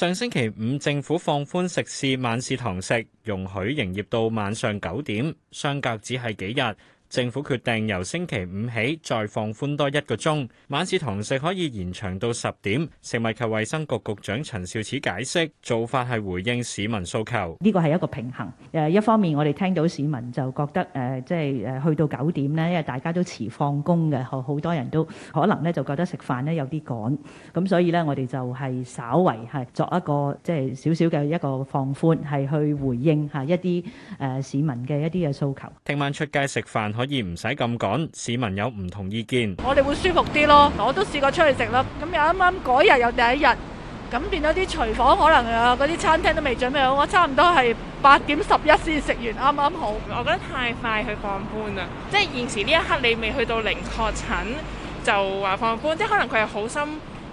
上星期五，政府放寬食肆晚市堂食，容許營業到晚上九點，相隔只係幾日。政府決定由星期五起再放寬多一個鐘，晚市堂食可以延長到十點。食物及衛生局局長陳肇始解釋，做法係回應市民訴求。呢個係一個平衡。誒，一方面我哋聽到市民就覺得誒，即係誒去到九點呢，因為大家都遲放工嘅，好好多人都可能咧就覺得食飯咧有啲趕，咁所以咧我哋就係稍為係作一個即係少少嘅一個放寬，係去回應吓一啲誒、呃、市民嘅一啲嘅訴求。聽晚出街食飯，可以唔使咁趕，市民有唔同意見。我哋會舒服啲咯，我都試過出去食咯。咁又啱啱嗰日又第一日，咁變咗啲廚房可能啊嗰啲餐廳都未準備好。我差唔多係八點十一先食完，啱啱好。我覺得太快去放寬啦，即係現時呢一刻，你未去到零確診就話放寬，即係可能佢係好心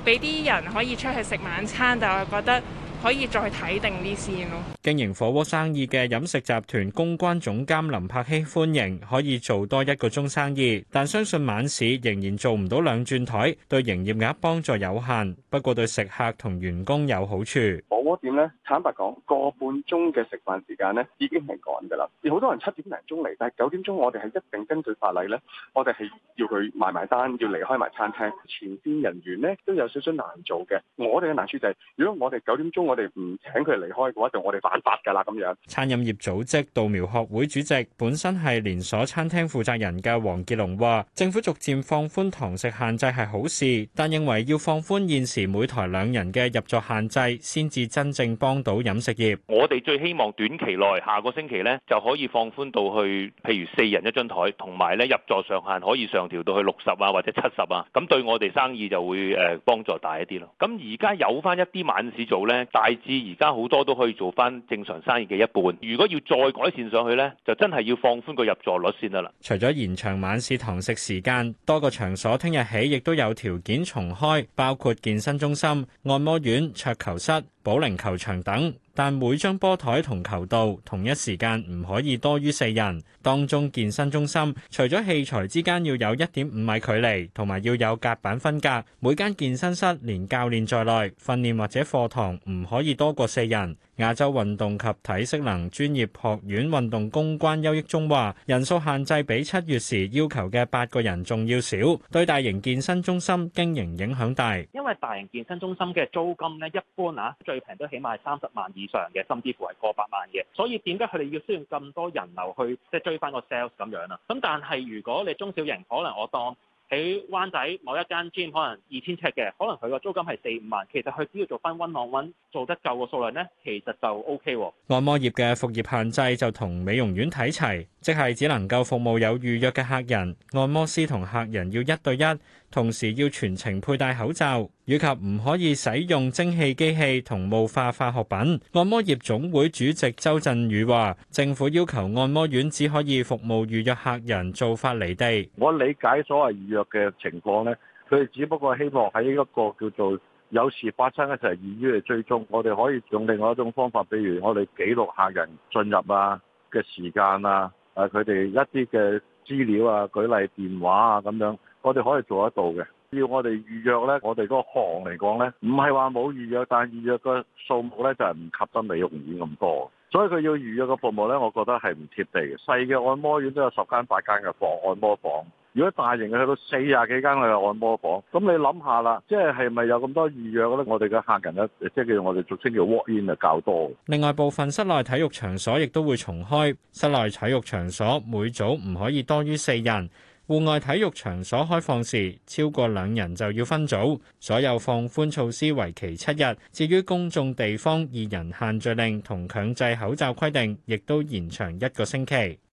俾啲人可以出去食晚餐，但係我覺得。可以再睇定啲先咯。經營火鍋生意嘅飲食集團公關總監林柏希歡迎可以做多一個鐘生意，但相信晚市仍然做唔到兩轉台，對營業額幫助有限。不過對食客同員工有好處。我點咧？坦白講，個半鐘嘅食飯時間咧，已經係趕㗎啦。有好多人七點零鐘嚟，但係九點鐘我哋係一定根據法例咧，我哋係要佢埋埋單，要離開埋餐廳。前線人員咧都有少少難做嘅。我哋嘅難處就係，如果我哋九點鐘我哋唔請佢離開嘅話，就我哋犯法㗎啦咁樣。餐飲業組織稻苗學會主席、本身係連鎖餐廳負責人嘅黃傑龍話，政府逐漸放寬堂食限制係好事，但認為要放寬現時每台兩人嘅入座限制先至。真正幫到飲食業，我哋最希望短期內，下個星期呢就可以放寬到去，譬如四人一張台，同埋咧入座上限可以上調到去六十啊或者七十啊，咁對我哋生意就會誒幫助大一啲咯。咁而家有翻一啲晚市做呢，大致而家好多都可以做翻正常生意嘅一半。如果要再改善上去呢，就真係要放寬個入座率先得啦。除咗延長晚市堂食時間，多個場所聽日起亦都有條件重開，包括健身中心、按摩院、桌球室、保。球場等，但每張波台同球道同一時間唔可以多於四人。當中健身中心除咗器材之間要有一點五米距離，同埋要有隔板分隔。每間健身室連教練在內，訓練或者課堂唔可以多過四人。亞洲運動及體適能專業學院運動公關邱益忠話：人數限制比七月時要求嘅八個人仲要少，對大型健身中心經營影響大。因為大型健身中心嘅租金呢，一般吓最平都起碼三十萬以上嘅，甚至乎係過百萬嘅。所以點解佢哋要需要咁多人流去即係追翻個 sales 咁樣啊？咁但係如果你中小型，可能我當。喺灣仔某一間 gym 可能二千尺嘅，可能佢個租金係四五萬，其實佢只要做翻温浪温做得夠個數量呢，其實就 OK。按摩業嘅服業限制就同美容院睇齊，即係只能夠服務有預約嘅客人，按摩師同客人要一對一，同時要全程佩戴口罩。以及唔可以使用蒸汽機器同霧化化學品。按摩業總會主席周振宇話，政府要求按摩院只可以服務預約客人，做法離地。我理解所謂預約嘅情況咧，佢哋只不過希望喺一個叫做有事發生嘅時候易於嚟追蹤，我哋可以用另外一種方法，比如我哋記錄客人進入啊嘅時間啊，誒，佢哋一啲嘅資料啊，舉例電話啊咁樣。我哋可以做得到嘅，要我哋預約咧，我哋嗰行嚟講咧，唔係話冇預約，但預約嘅數目咧就係唔及得美容院咁多。所以佢要預約嘅服務咧，我覺得係唔貼地嘅。細嘅按摩院都有十間八間嘅房、按摩房，如果大型嘅去到四廿幾間嘅按摩房，咁你諗下啦，即係係咪有咁多預約咧？我哋嘅客人咧，即係叫我哋俗稱叫 walk in 啊較多。另外，部分室內體育場所亦都會重開，室內體育場所每組唔可以多於四人。戶外體育場所開放時，超過兩人就要分組。所有放寬措施為期七日，至於公眾地方二人限聚令同強制口罩規定，亦都延長一個星期。